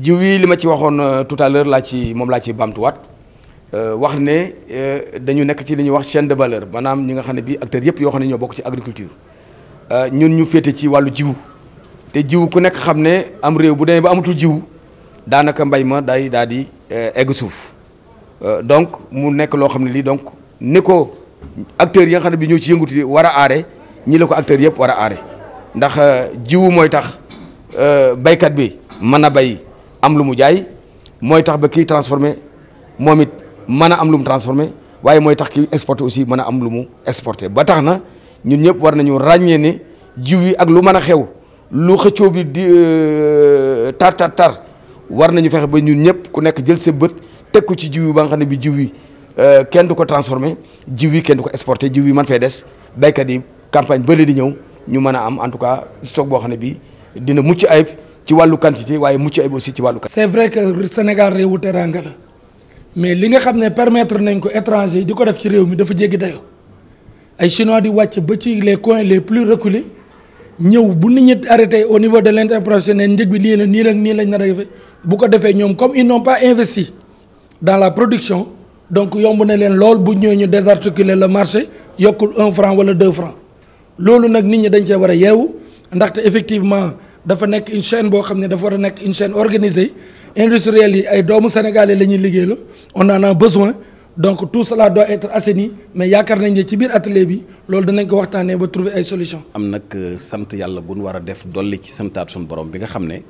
jiw yi li ma ci waxoon euh, tout à laa ci moom laa ci baamtuwaat euh, wax ne euh, dañu nekk ci li ñuy wax chaîne de valeur maanaam ñi nga xam ne bii acteurs yëpp yoo xam ne ñoo bokk ci agriculture ñun ñu féete ci wàllu jiw te jiw ku nekk xam ne am réew bu demee ba amatul jiw daanaka mbay ma day daal di egg suuf donc mu nekk loo xam ne lii donc ni ko acteurs yi nga xam ne bi ñoo ci yënguti war a aare ñi la ko acteurs yëpp war a aare ndax jiw mooy tax baykat bi mën a bay am lu mu jaay mooy tax ba kii transformé moom it mën a am lu mu transformé waaye mooy tax kii exporté aussi mën a am lu mu exporté ba tax na ñun ñëpp war nañu ràññee ni jiw yi ak lu mën a xew lu xëccoo bi di euh, tar tar tar war nañu fexe ba ñun ñëpp ku nekk jël sa bët teg ko ci jiw yi nga xam ne bi jiw yi euh, kenn du ko transformé jiw yi kenn du ko exporté jiw yi man fee des béykat yi campagne bële di ñëw ñu mën a am en tout cas stock boo xam ne bi dina mucc ayib ci walu quantité waye mucc ayib aussi ci walu c'est vrai que le Sénégal réewu teranga la mais li nga xamné permettre nañ ko étranger yi def ci réew mi dafa jéggi dayo ay chinois di wacc ba ci les coins les plus reculés ñew bu nit ñi arrêté au niveau de l'interprofession ne njëg bi li la nii la nii lañ na a bu ko défé ñom comme ils n'ont pas investi dans la production donc yomb na len lool bu ñëwee ñu désarticuler le marché yokul 1 franc wala 2 francs loolu nak nit ñi dañ ci wara yewu yeewu ndaxte effectivement dafa nek une chaîne bo xamné ne dafa wara nek une chaîne organisée industrielle yi ay doomu sénégalais lañuy ñuy on en a besoin donc tout cela doit être assaini mais yaakaar nañ ci biir atelier bi loolu dañ ko waxtané ba trouver ay solution am nak euh, sante yalla bu wara def dolli ci santaat sun borom bi nga xamné ne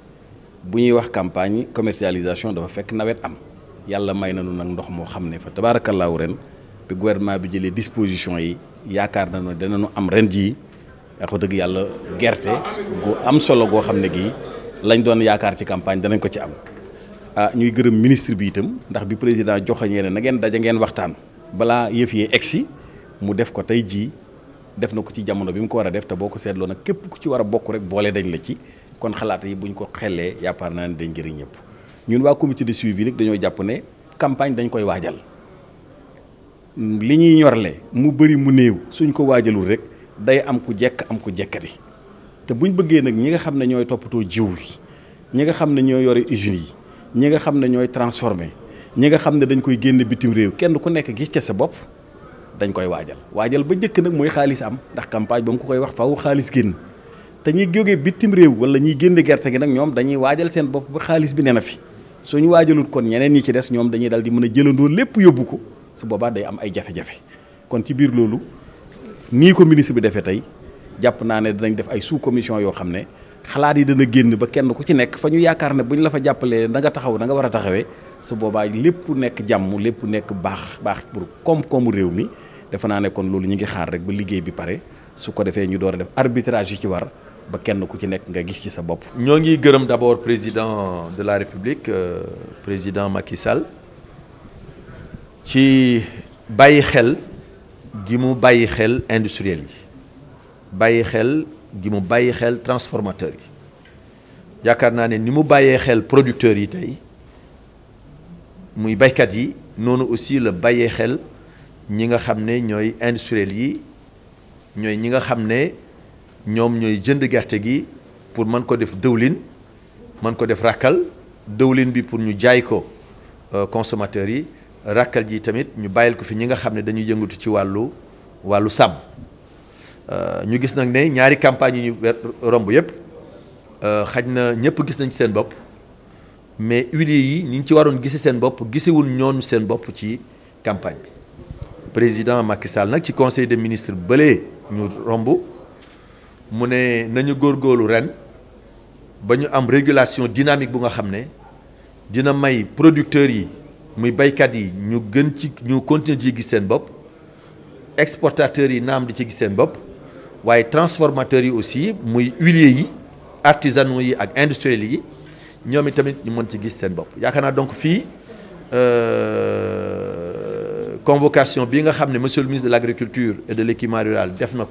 bu ñuy wax campagne commercialisation dafa fekk nawet am yalla may nañu nak ndox mo xamné fa tabaarakallaahu ren bi gouvernement bi jëlee disposition yi yaakaar nañu dañu am ren jii. wax dëgg yàlla gerte gu am solo goo xam ne gi lañ doon yaakaar ci campagne danañ ko ci am ah ñuy gërëm ministre bi itam ndax bi président joxañee na ngeen daje ngeen waxtaan balaa yëf yee egsi mu def ko tey jii def na ko ci jamono bi mu ko war a def te boo ko seetloo nag képp ku ci war a bokk rek boole dañ la ci kon xalaat yi buñ ko xellee yaakaar naa ne dañ jëriñ ñëpp ñun waa comité de suivi nag dañoo jàpp ne campagne dañ koy waajal li ñuy ñorle mu bëri mu néew suñ ko waajalul rek. day am ku jekk am ku jekkati te buñ bëggee nag ñi nga xam ne ñooy toppatoo jiw yi ñi nga xam ne ñooy yore usines yi ñi nga xam ne ñooy transformé ñi nga xam ne dañ koy génn bitim réew kenn ku nekk gis ca sa bopp dañ koy waajal waajal ba njëkk nag mooy xaalis am ndax campagne ba mu ko koy wax faw xaalis génn te ñuy jógee bitim réew wala ñuy génne gerte gi nag ñoom dañuy waajal seen bopp ba xaalis bi ne na fi suñu waajalut kon ñeneen ñi ci des ñoom dañuy dal di mën a jëlandoo lépp yóbbu ko su boobaa day am ay jafe kon ci biir loolu nii ko ministre bi defee tey jàpp naa ne dinañ def ay sous commission yoo xam ne xalaat yi dana génn ba kenn ku ci nekk fa ñu yaakaar ne bu ñu la fa jàppalee da nga taxaw da war a taxawee su boobaay lépp nekk jàmm lépp nekk baax baax pour koom-koomu réew mi defe naa ne kon loolu ñu ngi xaar rek ba liggéey bi pare su ko defee ñu door a def arbitrage yi ci war ba kenn ku ci nekk nga gis ci sa bopp. ñoo ngi gërëm d'abord président de la république euh, président Macky Sall ci xel. Nous sommes xel industriel yi bàyyi xel nous xel transformateur yi ne ni mu qui xel producteurs yi tey muy baykat yi aussi le bàyyee xel ñi nga xam ne industriel nga jënd pour mën ko def dëwlin mën ko def bi pour ñu jaay euh, consommateurs rakal ji tamit ñu bàyyil ko fi ñi nga xam ne dañuy yëngatu ci walu wàllu euh ñu gis nak né ñaari campagne ñu romb yépp euh xajna ñëpp gis nañ ci seen bop mais huiliers yi ñi ci waron gisi seen bopp gisiwul ñoon seen bop ci campagne bi président Macky Sall ci conseil des ministres bële ñu romb mu né nañu gorgolu ren bañu am régulation dynamique bu nga xam dina may producteurs yi muy baykat yi ñu gën continuer ci exportateurs yi naam di ci transformateurs yi aussi muy huiliers yi yi ak industriels yi ñoom itamit ñu mën ci gis seen donc euh, convocation bi nga monsieur le ministre de l'Agriculture et de l' rural def na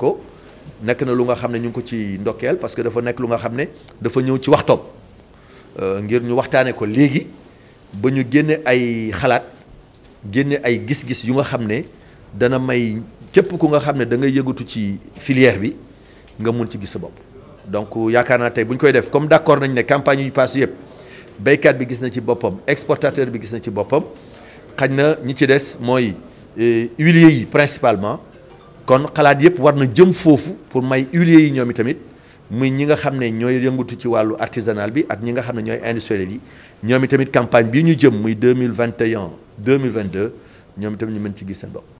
na lu nga xam ne ñu ko ci parce que dafa lu nga ne dafa ci euh, ngir ba ñu génnee ay xalaat génne ay gis-gis yu nga xam ne dana may képp ku nga xam ne da ngay yëngatu ci filière bi nga mun ci gis sa bopp. donc yaakaar naa tey bu ñu koy def comme d' accord nañ ne campagne yu paase yëpp béykat bi gis na ci boppam exportateur bi gis na ci boppam xañ na ñi ci des mooy euh, huiliers yi principalement kon xalaat yëpp war na jëm foofu pour may huiliers yi ñoom i tamit. muy ñi nga xam ne ñooy yëngatu ci wàllu artisanal bi ak ñi nga xam ne ñooy industriel yi ñoom itamit campagne bi ñu jëm muy deux mille vingt et un deux mille vingt deux ñoom itam ñu mën ci gis seen bopp.